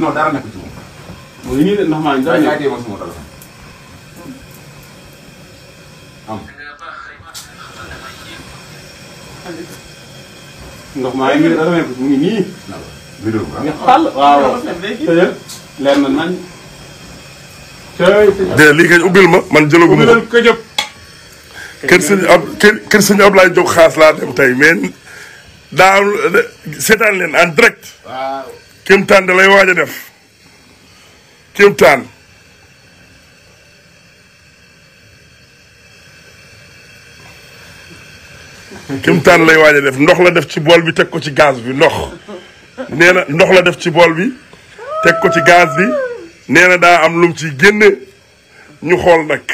non dara nekk de lii kay ubbil ma man jëlaguma ko ubbil ko jëpp. kër sëñ ab kër xaas laa dem tey mais daaw seetaan leen en direct. kéemtaan da lay waaj a def kéemtaan kéemtaan lay waaj def ndox la def ci bool bi teg ko ci gaz bi ndox nee ndox la def ci bool bi teg ko ci gaz bi nee daa am lum ci génne ñu xool nag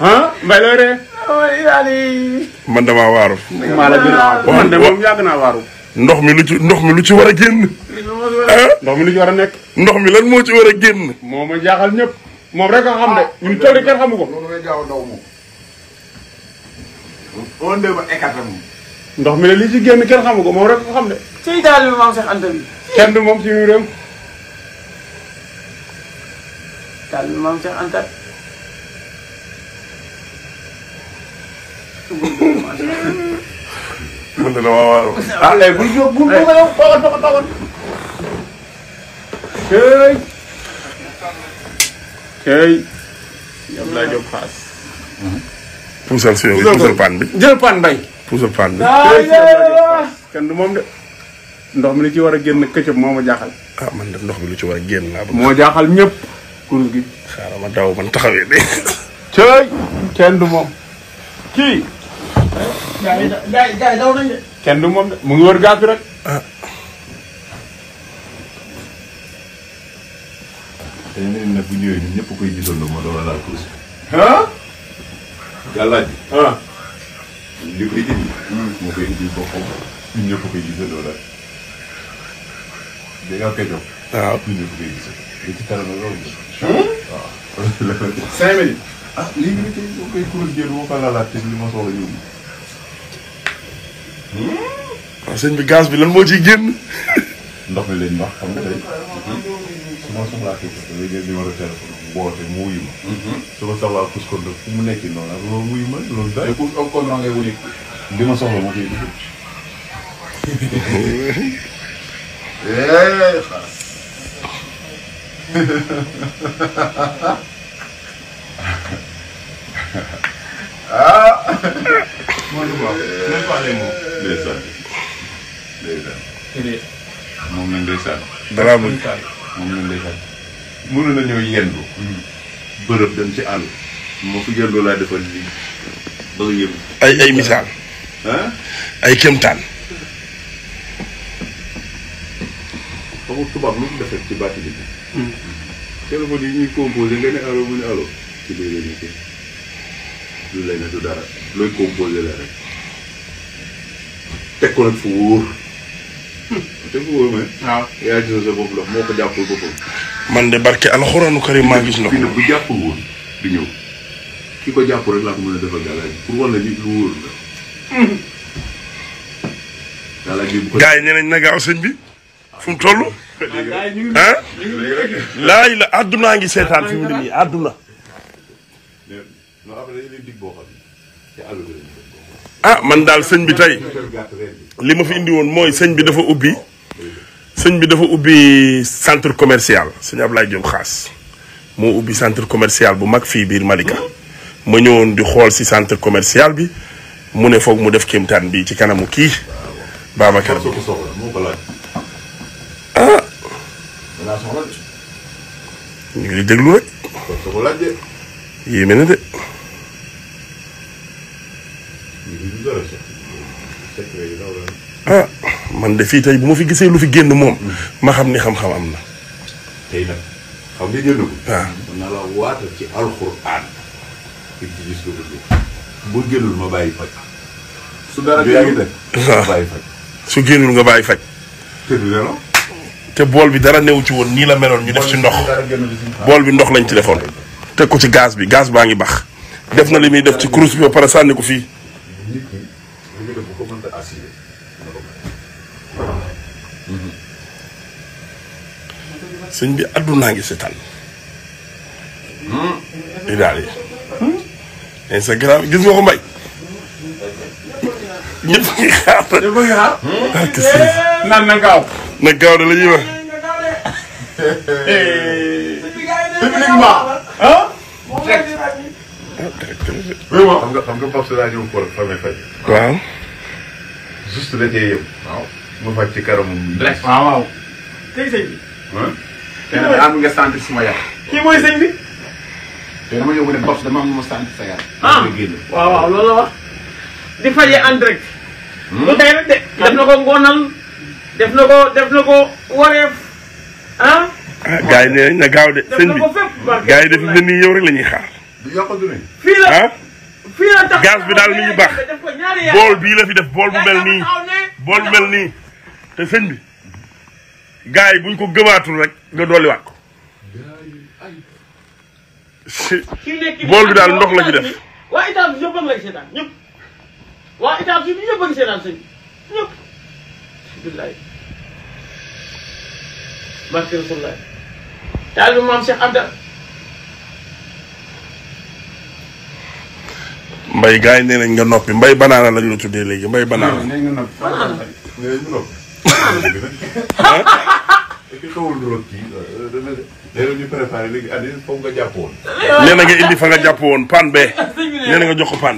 ah Mbaye looy man de waaru. maa la gën man de moom yàgg naa waaru. ndox mi lu ci ndox mi lu ci war a génn. ndox mi lu ci war a nekk. ndox mi lan moo ci war a génn. moo ma ñëpp moom rek xam de ah, ñun tool yi kenn xamu ko. moom. on ba écarté moom. ndox mi la li ci génn kenn xamu ko moom rek a xam de. ci daal bi maam Cheikh Anta bi. kenn du moom ci réew. daal bi maam Cheikh Anta. mën na damaa waaru. ah léegi këy. këy. yow laa jóg xaas. Eh, puusal suñu bi puusal paan bi. jël paan bay. kenn du moom de. ndox mi li ci war a génn këccëb moo ma jaaxal. ah man de ndox mi lu ci war a génn laa bëgg. moo jaaxal ñëpp. kuréel gi. xaaral ma daw man taxawee de. këy. kenn du moom. kii. gars yi kenn du moom de mu ngi wër gaas bi rek. te yeneen nag bu ñëwee ñun ñëpp koy ma door a laal kurus. gàllaaj bi. li koy indi. moo koy indi boppam. Ah, ma soxla ñëw. waaw sëñ bi gaz bi lan moo ciy génn. ndox mi lañ wax xam nga tey. su ma soxlaa kii parce que dañuy jël numéro téléphone mu woote mu wuyu ma. Mhm. su ma soxlaa Kouskou Ndour fu ndeysaan ndeysaan moom na ndeysaan dara mu moom na ndeysaan mënu nañoo yendu hmm. bërëb dem ci àll moo fi yendu laa defal lii ay ay misaal ay kéemtaan xamul tubaab lu mu defee ci bàtti bi hmm. téléphone yi ñuy composé nga ne allo mu ne allo ci biir la nekkee dara looy composé la rek teg ko nag fu wóor. Hmm. te fu wóor man. waaw yaa gis sa bopp ndox moo ko jàppul boppam. man de barke alxuraanu karim maa gis ndox mi. bu jàppul woon du ñëw. ki ko jàpp rek laa ko mën a defal galaaj pour wala nit lu wóor la. Hmm. galaaj bi bu ko. gars yi ñeneen na gaaw sëñ bi fu mu toll. ah laay la àdduna ngi seetaan fi mu ne nii àdduna. ah man daal sëñ bi tey li ma fi indi woon mooy sëñ bi dafa ubbi sëñ bi dafa ubbi centre commercial sëñ Ablaye Diop xaas moo ubbi centre commercial bu mag fii biir Malika ma ñëwoon di xool si centre commercial bi mu ne foog mu def kéemtaan bi ci kanamu kii Babacar bi ah ñu ngi déglu yéeme na de ah man de fii tey bu ma fi gisee lu fi génn moom ma xam ni xam-xam am na. nga génn ko. Ah. ci alxuraan bu génnul ma bàyyi faj. su génnul nga bàyyi faj. te bool bi dara new ci woon nii la meloon ñu def ci ndox. bool bi ndox lañ ci defoon. teg ko ci gaz bi gaz baa ngi baax def na li muy def ci kurus bi ba sànni ko fii. sëñ bi àddunaa ngi seetaan i daal yi mais sa grand gis nga ko mbay ñëpp ngi xaar ak ah, sëñ naan na gaaw na gaaw da la ñuy wax publiquement ah vraiment xam nga xam nga Pape Sala ñëw Kool famille Faye. waaw. juste da cee yem. waaw ma fàcc ci karamu. waaw ah, waaw. tey sëñ bi. tey nag am nga sentir suma yaram. kii mooy sëñ bi. tey dama yóbbu ne bopp dama am lu ma sentir sa yaram. ah waaw waaw loolu la wax. di fajee en direct. Hmm? lu tey rek de. def na ko ngoonal def na ko def na ko wareef ah. ah gaa yi nee na gaaw de sëñ bi gaa yi def na ni yow rek la ñuy xaar. du yokk du ne. fii la ah? fii la tax gaz bi daal mi ñu baax. bool bii la fi def bool bu mel nii. bool bu mel nii te sëñ bi. gars yi buñ ko gëmaatul rek nga dolliwaat ko. si bool bi daal ndox lañu ci def. mbay gars yi nee nañ nga noppi mbay banaana lañ la tuddee léegi mbay banaana. nee nga noppi banaana. ki xawul lool kii nga jàpp woon. Euh, nee na indi fa nga jàpp woon pan be. nee na nga jox ko pan.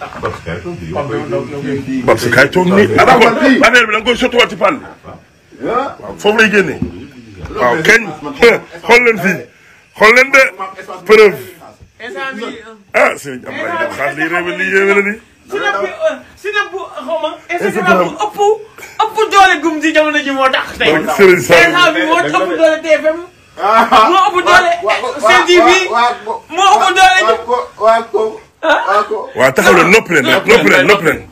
Ah, Babs kaay toog nii ah, affaire bi da nga koy sottiwaat pan bi. Ah. waaw foofu lay génne. waaw keñ xool leen fii xool leen de preuve. Euh. ah sinap bi euh, sinap bu xaw ma. Instagram bu ëpp ëpp doole gum ci jamono ji moo tax. tey instant bi moo ëpp doole TFM. Ah. moo ëpp doole. Sen TV moo ëpp doole ñëpp. waaw ko waaw ko. waaw ah. taxaw leen nopp leen nopp leen nopp leen.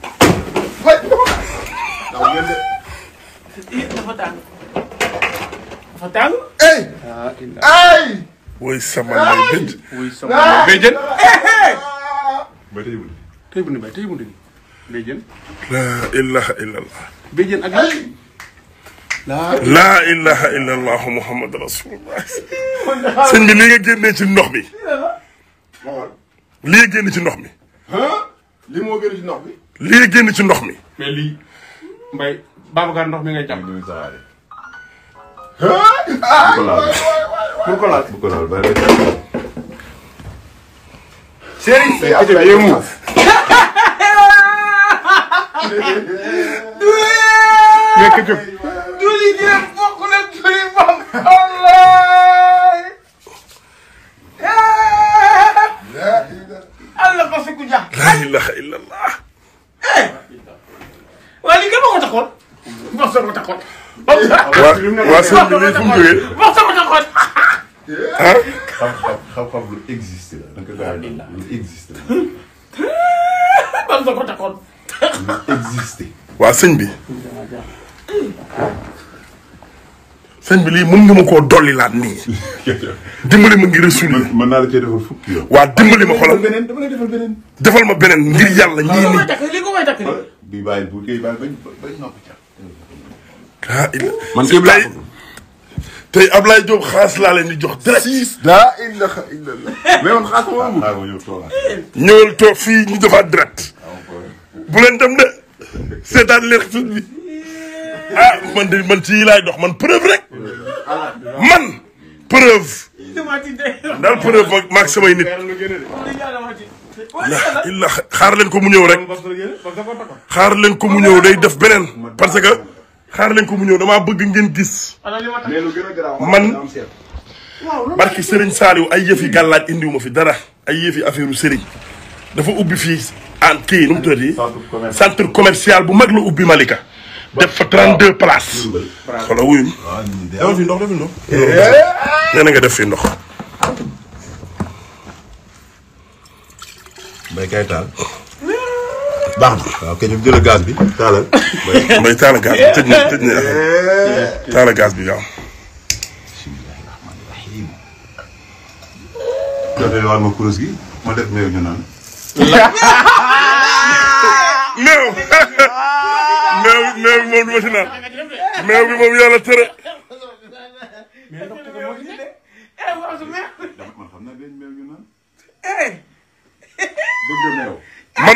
dafa tàng. dafa tàng. ay. ay. woy sama lay jënd. woy sama lay jënd. ba tey tey bu ni bay tey bu ni bay jën laa ilaha illallah bay jën ak laa ilaha illallah muhammad rasulullah sëñ bi lii nga génnee ci ndox bi lii génn ci ndox mi lii moo génn ci ndox mi lii génn ci ndox mi mais lii mbay Babacar ndox mi ngay jàpp bu ko laal bu ko laal nekk jub. julli ngeen bokk na julli moom. allah ko fi ku jàpp. la ilaha illallah. waaye lii kenn ma ko taxoon. wax sama taxoon. waaw waaw sëñ bi lii fu mu jógee. wax sama taxoon. ah. xam-xam xam-xam lu existe la. lu existe la. wax sama taxoon. waa sëñ bi sëñ bi lii mën nga ma koo dolli laat nii dimbali ma ngir suñu. mën naa la cee defal fukki yoon. waa dimbali ma xoolal defal ma beneen ngir yàlla ñii nii. ah il laa ko. tey Ablaye Diop xaas laa leen di jox direct. six daa indi xa indi la mais toog fii ñu defaat direct. Ah, bu leen seetaan leen film ah, man de man ci laay dox man preuve rek man preuve. daal preuve maak maag samay nit. la illa xaar leen ko mu ñëw rek xaar leen ko mu ñëw day def beneen parce que xaar leen ko mu ñëw damaa bëgg ngeen gis man barki Serigne Saliou ay yëfi gàllaaj indiwu ma fi dara ay yëfi affaire u Serigne dafa ubbi fii en kii nu mu tuddati centre commercial bu mag la ubbi Malika. def fa 32 places. xoolal wuyu. waaw fi ndox deful ndox. Eh. nee baax na waaw bi taalal. mbay bi tëj eh. meew meew meew bi moom du ma si meew bi moom yàlla tere. man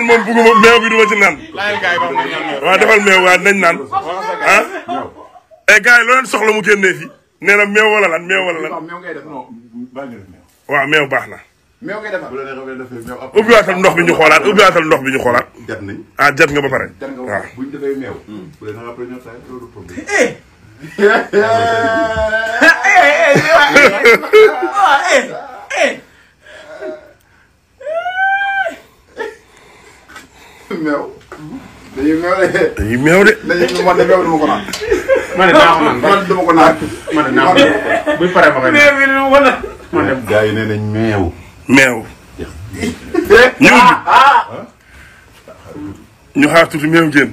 moom bugguma meew bi du ma si naan. defal meew waaw nañ naan ah. eh gars yi loo leen soxla mu génnee fii nee na meew wala lan meew wala lan. waaw meew baax na. ubbiwaatal ndox bi ñu xoolaat ubbiwaatal ndox bi ñu xoolaat. jat nañ. ah jat nga ba pare. jat nga ba pare ah. bu ñu defee meew. bu dee na la première fois loolu problème. Eh! meew. dañuy meew de. dañuy meew de. dañuy man de meew dama ko naan. man de naa ko naan man dama ko naan. man de naa ko naan buy pare ma koy naan. meew dama ko naan. man de gars yi nee nañ meew. meew. ñëw. ñu xaar tuuti meew génn.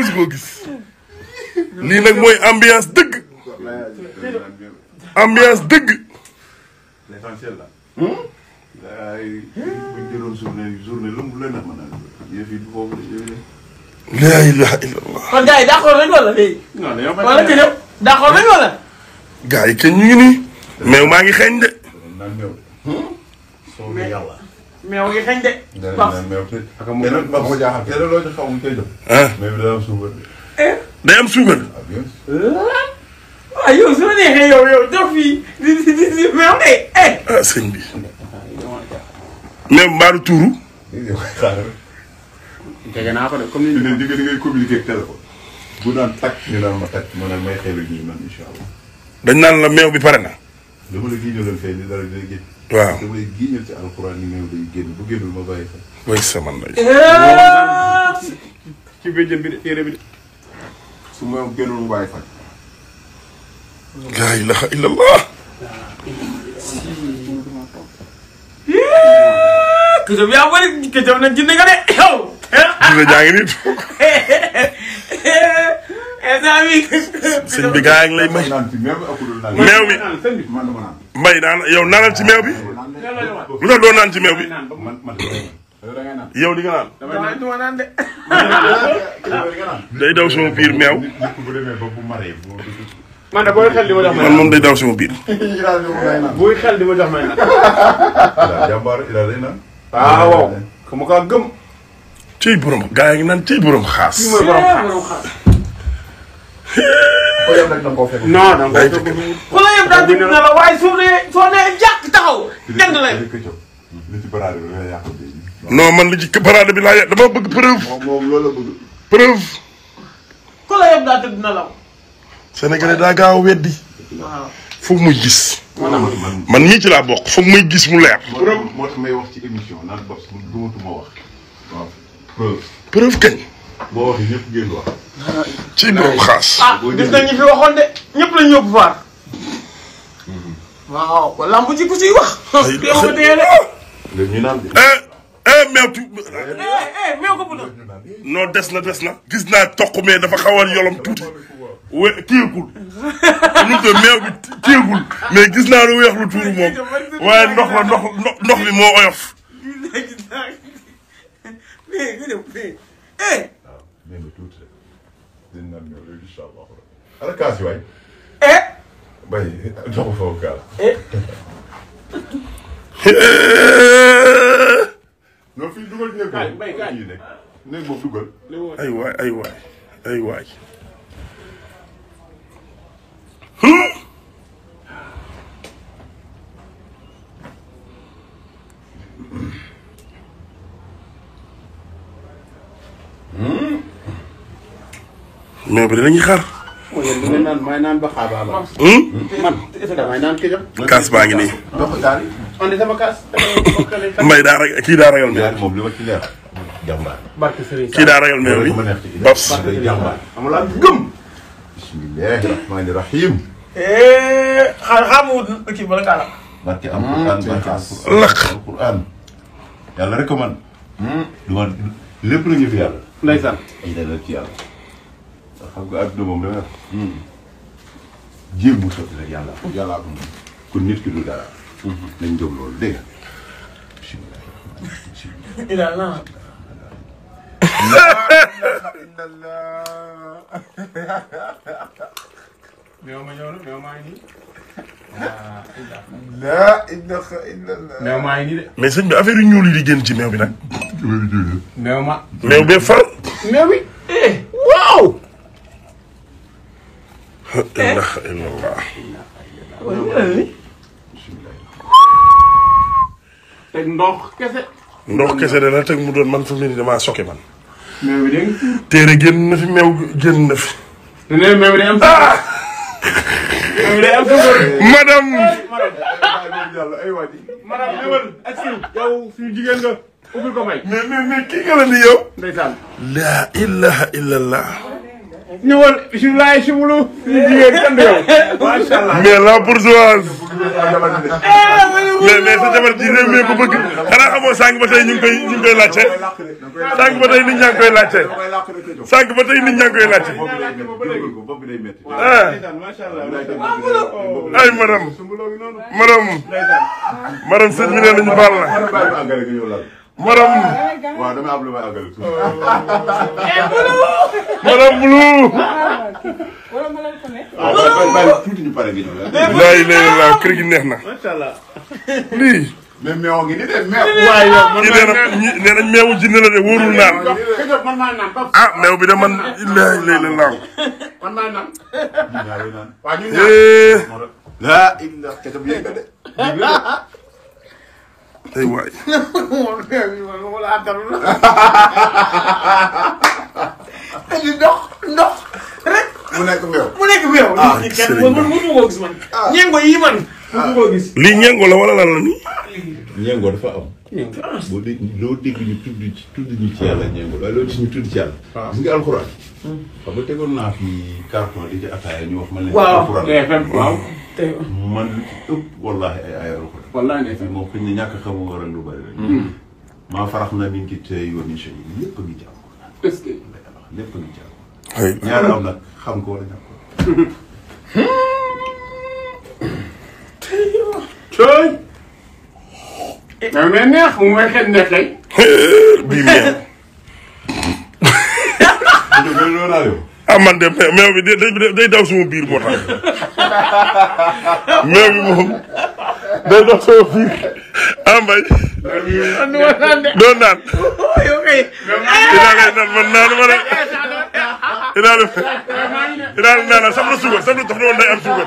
lii nag mooy ambiance dëgg. ambiance dëgg. l'essentiel hmm? la. ay buñ jëloon journée journée lu mu leen a mën a maa ngi xeeñ de. soo ko yàlla. meew gi xëñ de. loo ci xaw ma koy jox. Ah. Eh? day am suukar. meew de eh? ah sëñ bi. meew mbaaru tuuru. naa dañ naan la meew bi pare na. dama waaw damay génneel ci alxuraan ni néew day génn bu génnul ma bàyyi fa. way sama ndey. ci bëjjën bi de téere bi de. su ma génnul ma bàyyi fa. laa ilaha illallah. këjëf yaa bëri këjëf nag jinne nga de yow. jinne jaa ngi nii. instant bii. sëñ bi gaa lay may. meew mi. mbay daan yow naanal ci meew bi. lu tax naan ci meew bi. yow di nga naan. day daw sama biir meew. man de booy xel di ma day daw sama biir. buy xel di naan. jàmbaar Ilaah day xaas. ku la yem daal dina la waaye soo nee soo nee jàkk taxaw. jënd la li ci man li ci bi laa yàq dama bëgg preuve. moom moom loolu la bëgg. preuve. ku la yem daal dina la. Sénégalais daa gaaw weddi. foog muy gis. man ñii ci laa bokk foog muy gis mu leer. ci émission naan bopp dumatuma preuve. kañ. ci ndoom xaas. ah gis nañu fi ñëpp lañ yóbbu faar. waaw ku ciy wax. ay de na ñu naan de. Eh, eh, eh, des na des na. gis naa toq mais dafa xaw a yolom tuuti. we téyegul. nu mu meew bi téyegul. mais gis naa lu weex lu tuuru moom. waaye ndox la ndox moo oyof. dinanmiyorlar inşallah. Ara kaas waay. Eh. Bay jox ko foofu kaas. Eh. non fii dugal ñu ne ko. Kaay bay kaay. Néeg boobu mais bi dinañu xaar. mooy yéen dinañ naan may naan ba xaabaar la. Hmm? man damay naan kii la. kaas baa ngi nii. donc daal on est sama kaas. mbay daa ragal kii daa ragal meew. moom li ma ci leer jàmbaar. barke Serigne kii daa ragal meew bi Babs. jàmbaar amul am gëm. bismillahi rahmaani rahim. Eh, xaaral xaaral ma kii bala kaala. barke am Quran barke am Quran yàlla rek ko man. Hmm? du ma lépp la ñu fi yàlla. ndeysaan. ay dalal ci yàlla. xam nga adduna moom dama wax. Hmm, jéem bu mhm. maa ngi nii. laa ilaha bi affaire yu ñuul yi di ci meew bi nag. meew ma. meew bee ilaha illallah teg ndox kese. ndox kese dana teg mu doon man fi mu ne nii sokke man. meew bi fi meew génn fi. te nee kii nga la yow. la ilaha illallah. ñëwal su laay subulu. jigéen kenn du yow. macha allah mais la bourgeoise. mais sa jabar ji réew mi ko bëgg. xanaa xamoo sànq ba tey ñu koy ñu ngi koy laajte. ba tey nit ñaa ngi koy laajte. sànq ba tey nit ñaa ngi koy laajte. ah ay madame. madame. madame sëñ bi nee nañu baal la. madame ah, waaw damay am lu may àggali tuuti. Oh. Eh, madame Blue. waaw ah, waaw bàyyi tuuti ñu pare gi ñëw. lay lay la kër gi neex na. macha allah. lii. mais meew ngi ni de meew. waaw yow man maa ngi nee nañ meewu jinne la de wóorul naan. ah meew bi de man. lay lay la laaw. man maa naan. waaw ñu naan. laa illah. ay waay. indi ndox ndox rek. mu nekk meew mu nekk meew. ah sëriñ man mënu ma koo gis man. ñengo yi ah. lii ñengo la wala lan la nii. ñengo dafa am. boo dégg loo ñu tudd ñu ci yàlla ñengo waaye loo gis ñu tudd ci yàlla. waaw ah. gis nga alxuraan. Hmm. xam nga tegoon naa fi carton di ci ataaya ñu wax ma ne. waaw alxuraan waaw. man lu ci ëpp ne moom xëy na ñàkk xamu waral lu bari hmm. maa farax na min ci tey yoon incha allah lépp a ngi ci alxuraan. est-ce que lépp a ngi ci alxuraan. xëy ñaar am nag xam ko wala ñàkk ko. tey. da ngay neex mu may xet neex ah man de meew bi day day daw suma biir moo tax meew bi moom day daw suma biir ah mbay. doon naan. dinaa lay naan man naanu ma rek. dinaa la dinaa la naan saf na suukar saf na daf ne woon day am suukar.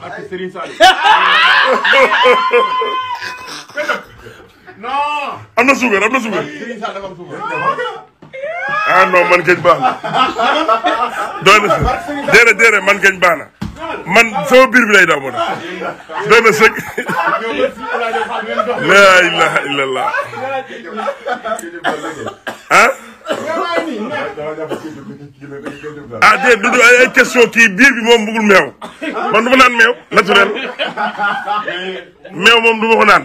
non na suukar am na suukar. ah man kañ baax na. doy na déedéet man kañ baax man sama biir bi lay daw moo tax. doy na sëg. laa ilaha illallah. ah. ah déedéet ay question kii biir bi moom bëggul meew man du naan meew naturel meew moom du naan.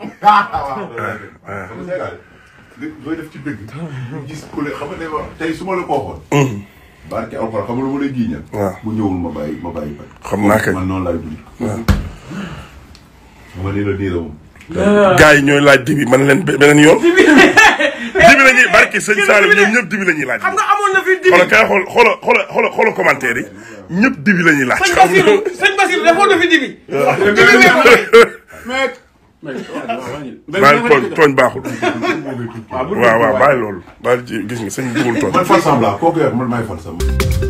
waaw waaw. looy def ci dëgg. gis ku ne xam nga day wax tey su ma la ko waxoon. barke alxuraan naa kay man noonu laay laaj dibi man leen beneen yoon. dibi la ñuy barke sëñ Saalum ñoom ñëpp dibi la laaj. xam nga amoon na fi dibi xoolal dibi la laaj. xam nga sëñ Basiru sëñ Basiru bàyyi tooñ tooñ baaxul. waaw waaw bàyyi loolu. bàyyi gis nga sëñ bi duggul tooñ. man fal semblant kooku yor man maay